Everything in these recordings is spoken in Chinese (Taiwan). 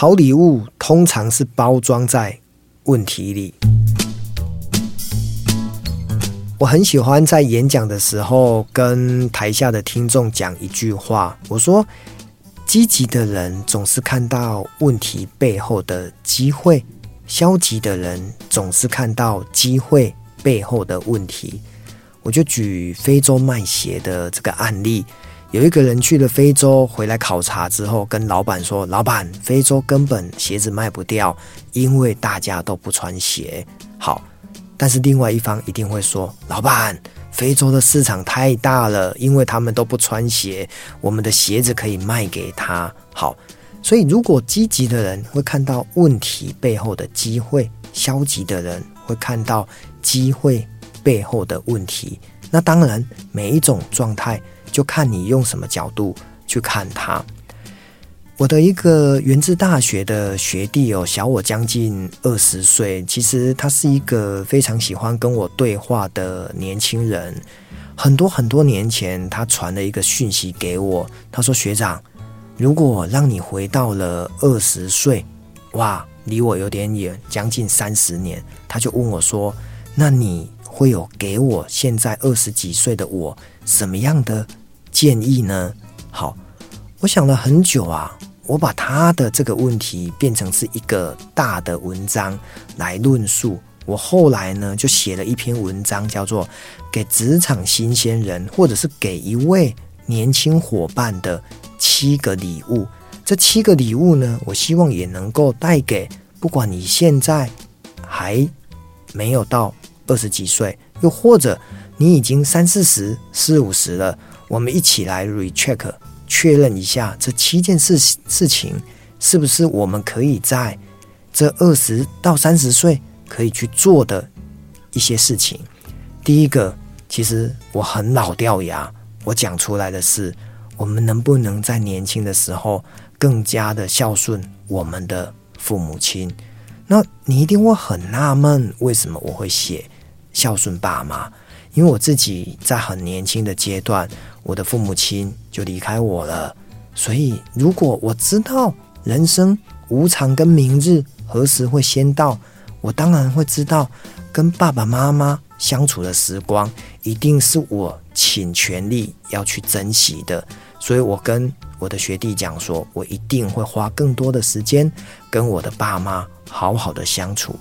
好禮物通常是包裝在問題裡。我很喜歡在演講的時候跟台下的聽眾講一句話，我說：積極的人總是看到問題背後的機會，消極的人總是看到機會背後的問題。我就舉非洲賣鞋的這個案例。有一個人去了非洲，回來考察之後，跟老闆說：“老闆，非洲根本鞋子賣不掉，因為大家都不穿鞋。”好，但是另外一方一定會說：“老闆，非洲的市場太大了，因為他們都不穿鞋，我們的鞋子可以賣給他。”好，所以如果積極的人會看到問題背後的機會，消極的人會看到機會背後的問題。那當然，每一種狀態。就看你用什麼角度去看他。我的一個源自大學的學弟哦，小我將近二十歲，其實他是一個非常喜歡跟我對話的年輕人。很多很多年前，他傳了一個訊息給我，他說：“學長，如果讓你回到了二十歲，哇，離我有點遠，將近三十年。”他就問我說：“那你會有給我現在二十幾歲的我什麼樣的？”建議呢？好，我想了很久啊，我把他的這個問題變成是一個大的文章來論述。我後來呢，就寫了一篇文章，叫做《給職場新鮮人》或者是給一位年輕夥伴的七個禮物。這七個禮物呢，我希望也能夠帶給不管你現在還沒有到二十幾歲，又或者你已經三四十、四五十了。我們一起來 recheck，確認一下這七件事事情是不是我們可以在這二十到三十歲可以去做的一些事情。第一個，其實我很老掉牙，我講出來的是，我們能不能在年輕的時候更加的孝順我們的父母親？那你一定會很納悶，為什麼我會寫孝順爸媽？因為我自己在很年輕的階段，我的父母親就離開我了，所以如果我知道人生無常跟明日何時會先到，我當然會知道跟爸爸媽媽相處的時光，一定是我傾全力要去珍惜的。所以我跟我的學弟講說，我一定會花更多的時間跟我的爸媽好好的相處。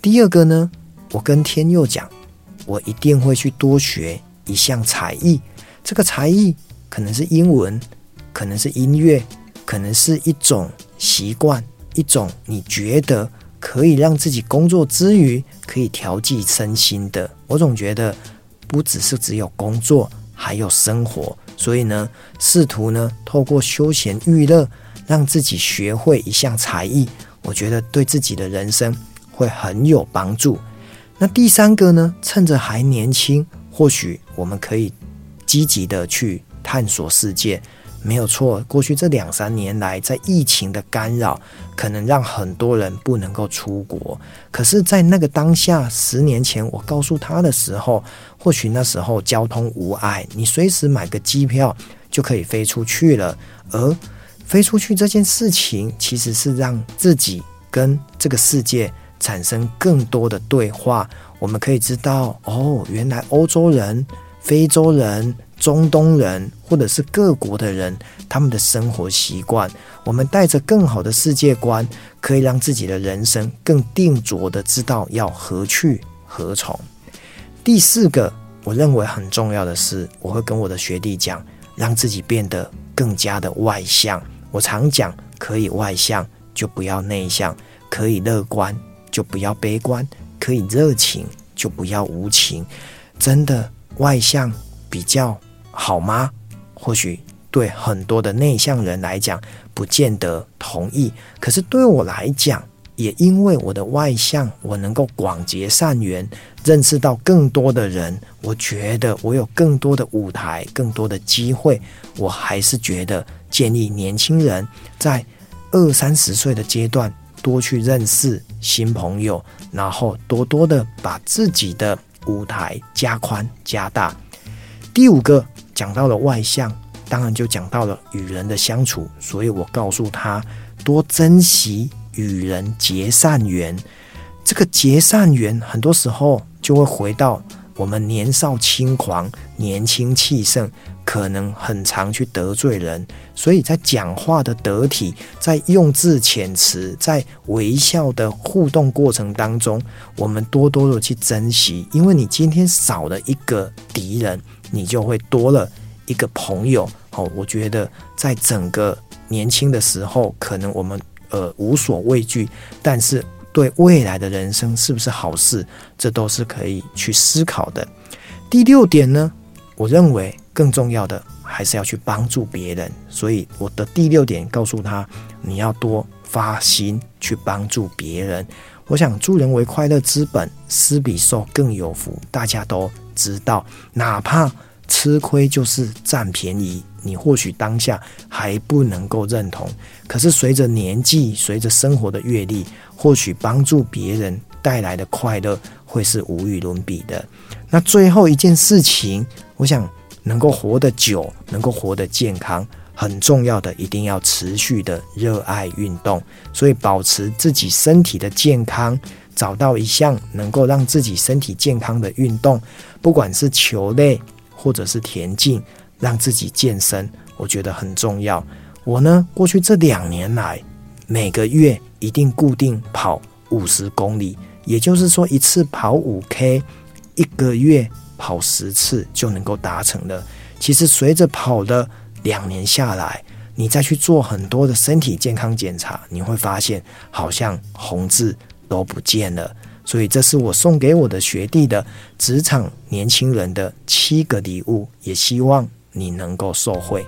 第二個呢，我跟天佑講。我一定會去多學一項才藝，這個才藝可能是英文，可能是音樂，可能是一種習慣，一種你覺得可以讓自己工作之餘可以調劑身心的。我總覺得不只是只有工作，還有生活，所以呢，試圖呢透過休閒娛樂讓自己學會一項才藝，我覺得對自己的人生會很有幫助。那第三個呢，趁着還年輕，或許我們可以積極的去探索世界，沒有錯。過去這兩三年來，在疫情的干擾，可能讓很多人不能夠出國。可是，在那個當下，十年前我告訴他的時候，或許那時候交通無礙，你隨時買個機票就可以飛出去了。而飛出去這件事情，其實是讓自己跟這個世界。產生更多的對話，我們可以知道哦，原來歐洲人、非洲人、中東人，或者是各國的人，他們的生活習慣。我們帶着更好的世界觀，可以讓自己的人生更定着的知道要何去何從。第四個，我認為很重要的是，我會跟我的學弟講，讓自己變得更加的外向。我常講，可以外向就不要內向，可以樂觀。就不要悲觀，可以熱情，就不要無情。真的外向比較好嗎？或許對很多的內向人來講，不見得同意。可是對我來講，也因為我的外向，我能夠廣結善緣，認識到更多的人。我覺得我有更多的舞台，更多的機會。我還是覺得，建議年輕人在二三十歲的階段，多去認識新朋友，然後多多的把自己的舞台加寬加大。第五個講到了外向，當然就講到了與人的相處，所以我告訴他多珍惜與人結善緣。這個結善緣，很多時候就會回到我們年少輕狂、年輕氣盛。可能很常去得罪人，所以在講話的得體，在用字遣詞，在微笑的互動過程當中，我們多多的去珍惜，因為你今天少了一個敵人，你就會多了一個朋友。好、哦，我覺得在整個年輕的時候，可能我們呃無所畏懼，但是對未來的人生是不是好事？這都是可以去思考的。第六點呢，我認為。更重要的還是要去幫助別人，所以我的第六點告訴他：你要多發心去幫助別人。我想，助人為快樂之本，施比受更有福，大家都知道。哪怕吃虧就是占便宜，你或許當下還不能夠認同，可是隨着年紀、隨着生活的閱歷，或許幫助別人帶來的快樂會是無與倫比的。那最後一件事情，我想。能夠活得久，能夠活得健康，很重要的，一定要持續的熱愛運動。所以，保持自己身體的健康，找到一項能夠讓自己身體健康的運動，不管是球類或者是田徑，讓自己健身，我覺得很重要。我呢，過去這兩年來，每個月一定固定跑五十公里，也就是說，一次跑五 K，一個月。跑十次就能夠達成了。其實隨着跑的兩年下來，你再去做很多的身體健康檢查，你會發現好像紅字都不見了。所以這是我送給我的學弟的職場年輕人的七個禮物，也希望你能夠受惠。